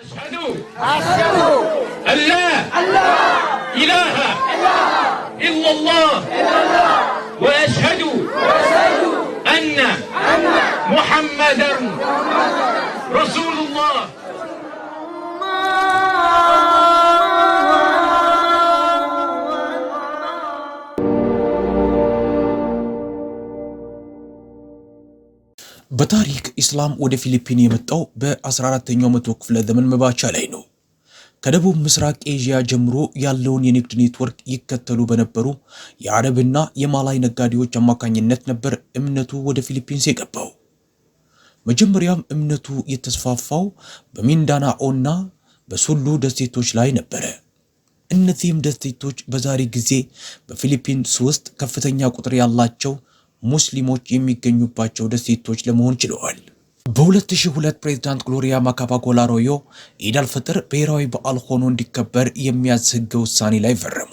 أشهد أشهد أن لا إله إلا الله وأشهد أن محمدا رسول በታሪክ ኢስላም ወደ ፊሊፒን የመጣው በ14ኛው መቶ ክፍለ ዘመን መባቻ ላይ ነው። ከደቡብ ምስራቅ ኤዥያ ጀምሮ ያለውን የንግድ ኔትወርክ ይከተሉ በነበሩ የአረብና የማላይ ነጋዴዎች አማካኝነት ነበር እምነቱ ወደ ፊሊፒንስ የገባው። መጀመሪያም እምነቱ የተስፋፋው በሚንዳናኦና በሱሉ ደሴቶች ላይ ነበረ። እነዚህም ደሴቶች በዛሬ ጊዜ በፊሊፒንስ ውስጥ ከፍተኛ ቁጥር ያላቸው ሙስሊሞች የሚገኙባቸው ደሴቶች ለመሆን ችለዋል። በ2002 ፕሬዝዳንት ግሎሪያ ማካፓጎላ ሮዮ ኢዳል ፍጥር ብሔራዊ በዓል ሆኖ እንዲከበር የሚያዝ ህገ ውሳኔ ላይ ፈረሙ።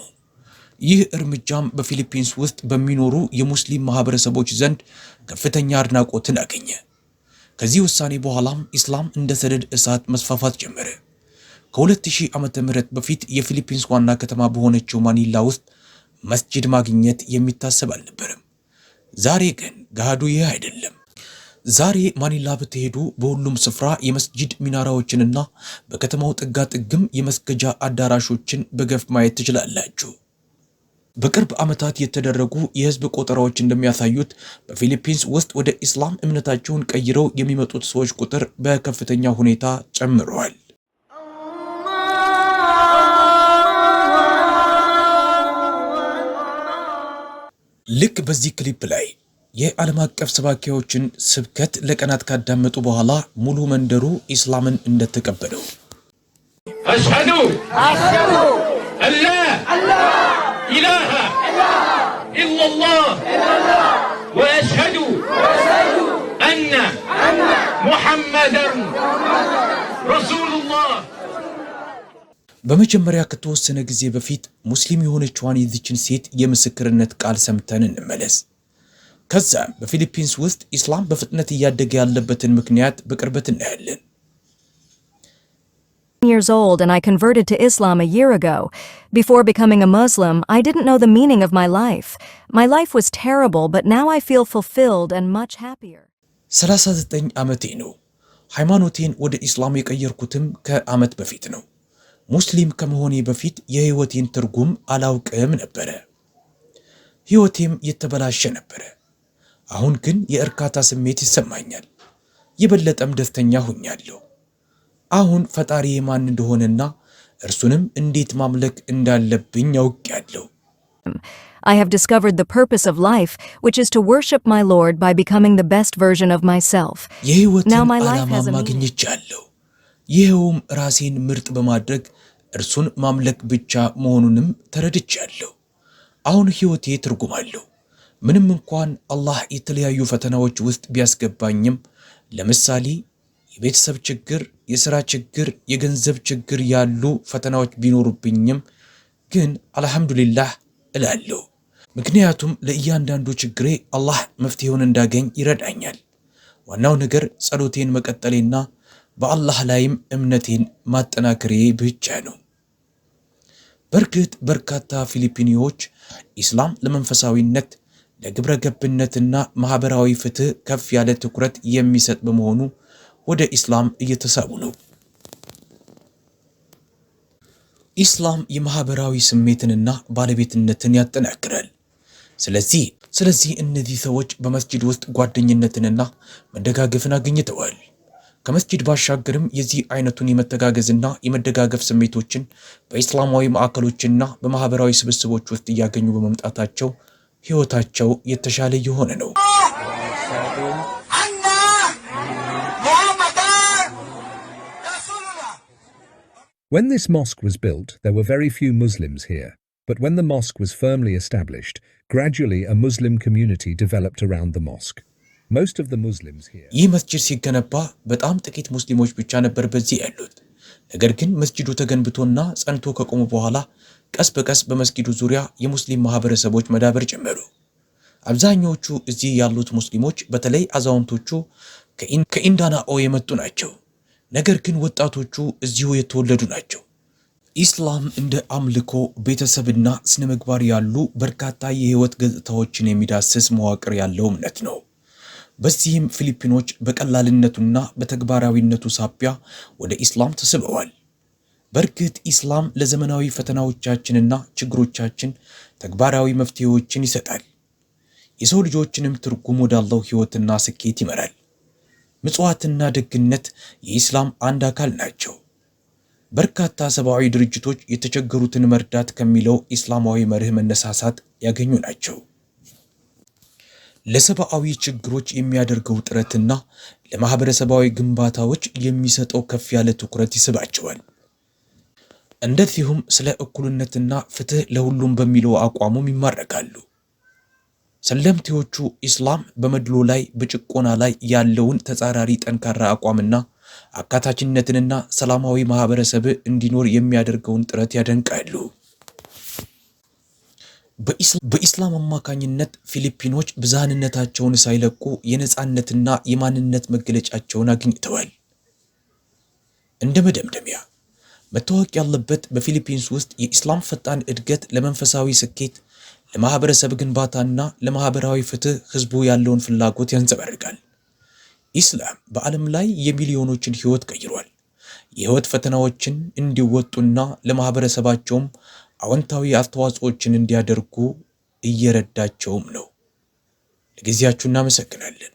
ይህ እርምጃም በፊሊፒንስ ውስጥ በሚኖሩ የሙስሊም ማህበረሰቦች ዘንድ ከፍተኛ አድናቆትን አገኘ። ከዚህ ውሳኔ በኋላም ኢስላም እንደ ሰደድ እሳት መስፋፋት ጀመረ። ከ2000 ዓ ም በፊት የፊሊፒንስ ዋና ከተማ በሆነችው ማኒላ ውስጥ መስጂድ ማግኘት የሚታሰብ አልነበረም። ዛሬ ግን ጋዱ ይህ አይደለም። ዛሬ ማኒላ ብትሄዱ በሁሉም ስፍራ የመስጂድ ሚናራዎችንና በከተማው ጥጋ ጥግም የመስገጃ አዳራሾችን በገፍ ማየት ትችላላችሁ። በቅርብ ዓመታት የተደረጉ የህዝብ ቆጠራዎች እንደሚያሳዩት በፊሊፒንስ ውስጥ ወደ ኢስላም እምነታቸውን ቀይረው የሚመጡት ሰዎች ቁጥር በከፍተኛ ሁኔታ ጨምረዋል። ልክ በዚህ ክሊፕ ላይ የዓለም አቀፍ ሰባኪዎችን ስብከት ለቀናት ካዳመጡ በኋላ ሙሉ መንደሩ ኢስላምን እንደተቀበለው አሽሀዱ አላ ኢላሃ ኢላላህ ወአሽሀዱ አንና ሙሐመደን በመጀመሪያ ከተወሰነ ጊዜ በፊት ሙስሊም የሆነችዋን የዚችን ሴት የምስክርነት ቃል ሰምተን እንመለስ። ከዛም በፊሊፒንስ ውስጥ ኢስላም በፍጥነት እያደገ ያለበትን ምክንያት በቅርበት እናያለን። years old and I converted to Islam a year ago. Before becoming a Muslim, I didn't know the meaning of my life. My life was terrible, but now I feel fulfilled and much happier. 39 ዓመቴ ነው። ሃይማኖቴን ወደ ኢስላም የቀየርኩትም ከዓመት በፊት ነው። ሙስሊም ከመሆኔ በፊት የህይወቴን ትርጉም አላውቅም ነበረ። ህይወቴም የተበላሸ ነበረ። አሁን ግን የእርካታ ስሜት ይሰማኛል። የበለጠም ደስተኛ ሁኛለሁ። አሁን ፈጣሪ ማን እንደሆነና እርሱንም እንዴት ማምለክ እንዳለብኝ አውቄያለሁ። I have discovered the purpose of life, which is to worship my Lord by becoming the best version of myself. Now my life has a meaning. ይኸውም ራሴን ምርጥ በማድረግ እርሱን ማምለክ ብቻ መሆኑንም ተረድቻለሁ። አሁን ሕይወቴ ትርጉም አለው። ምንም እንኳን አላህ የተለያዩ ፈተናዎች ውስጥ ቢያስገባኝም፣ ለምሳሌ የቤተሰብ ችግር፣ የሥራ ችግር፣ የገንዘብ ችግር ያሉ ፈተናዎች ቢኖሩብኝም ግን አልሐምዱሊላህ እላለሁ። ምክንያቱም ለእያንዳንዱ ችግሬ አላህ መፍትሄውን እንዳገኝ ይረዳኛል። ዋናው ነገር ጸሎቴን መቀጠሌና በአላህ ላይም እምነቴን ማጠናከሬ ብቻ ነው። በእርግጥ በርካታ ፊሊፒኒዎች ኢስላም ለመንፈሳዊነት ለግብረ ገብነትና ማህበራዊ ፍትህ ከፍ ያለ ትኩረት የሚሰጥ በመሆኑ ወደ ኢስላም እየተሳቡ ነው። ኢስላም የማህበራዊ ስሜትንና ባለቤትነትን ያጠናክራል። ስለዚህ ስለዚህ እነዚህ ሰዎች በመስጂድ ውስጥ ጓደኝነትንና መደጋገፍን አግኝተዋል። ከመስጂድ ባሻገርም የዚህ አይነቱን የመተጋገዝና የመደጋገፍ ስሜቶችን በኢስላማዊ ማዕከሎችና በማህበራዊ ስብስቦች ውስጥ እያገኙ በመምጣታቸው ህይወታቸው የተሻለ የሆነ ነው። When this mosque was built, there were very few Muslims here. But when the mosque was firmly established, gradually a Muslim community developed around the mosque. ይህ መስጅድ ሲገነባ በጣም ጥቂት ሙስሊሞች ብቻ ነበር በዚህ ያሉት። ነገር ግን መስጅዱ ተገንብቶና ጸንቶ ከቆሙ በኋላ ቀስ በቀስ በመስጊዱ ዙሪያ የሙስሊም ማህበረሰቦች መዳበር ጀመሩ። አብዛኛዎቹ እዚህ ያሉት ሙስሊሞች በተለይ አዛውንቶቹ ከኢንዳናኦ የመጡ ናቸው። ነገር ግን ወጣቶቹ እዚሁ የተወለዱ ናቸው። ኢስላም እንደ አምልኮ፣ ቤተሰብና ስነ ምግባር ያሉ በርካታ የህይወት ገጽታዎችን የሚዳስስ መዋቅር ያለው እምነት ነው። በዚህም ፊሊፒኖች በቀላልነቱና በተግባራዊነቱ ሳቢያ ወደ ኢስላም ተስበዋል። በእርግጥ ኢስላም ለዘመናዊ ፈተናዎቻችንና ችግሮቻችን ተግባራዊ መፍትሄዎችን ይሰጣል። የሰው ልጆችንም ትርጉም ወዳለው ሕይወትና ስኬት ይመራል። ምጽዋትና ደግነት የኢስላም አንድ አካል ናቸው። በርካታ ሰብአዊ ድርጅቶች የተቸገሩትን መርዳት ከሚለው ኢስላማዊ መርህ መነሳሳት ያገኙ ናቸው። ለሰብአዊ ችግሮች የሚያደርገው ጥረትና ለማህበረሰባዊ ግንባታዎች የሚሰጠው ከፍ ያለ ትኩረት ይስባቸዋል። እንደዚሁም ስለ እኩልነትና ፍትህ ለሁሉም በሚለው አቋሙም ይማረካሉ። ሰለምቴዎቹ ኢስላም በመድሎ ላይ በጭቆና ላይ ያለውን ተጻራሪ ጠንካራ አቋምና አካታችነትንና ሰላማዊ ማህበረሰብ እንዲኖር የሚያደርገውን ጥረት ያደንቃሉ። በኢስላም አማካኝነት ፊሊፒኖች ብዝሃንነታቸውን ሳይለቁ የነፃነትና የማንነት መገለጫቸውን አግኝተዋል። እንደ መደምደሚያ መታወቅ ያለበት በፊሊፒንስ ውስጥ የኢስላም ፈጣን እድገት ለመንፈሳዊ ስኬት፣ ለማህበረሰብ ግንባታና ለማህበራዊ ፍትህ ህዝቡ ያለውን ፍላጎት ያንጸባርቃል። ኢስላም በዓለም ላይ የሚሊዮኖችን ህይወት ቀይሯል። የህይወት ፈተናዎችን እንዲወጡና ለማህበረሰባቸውም አዎንታዊ አስተዋጽኦችን እንዲያደርጉ እየረዳቸውም ነው። ለጊዜያችሁ እናመሰግናለን።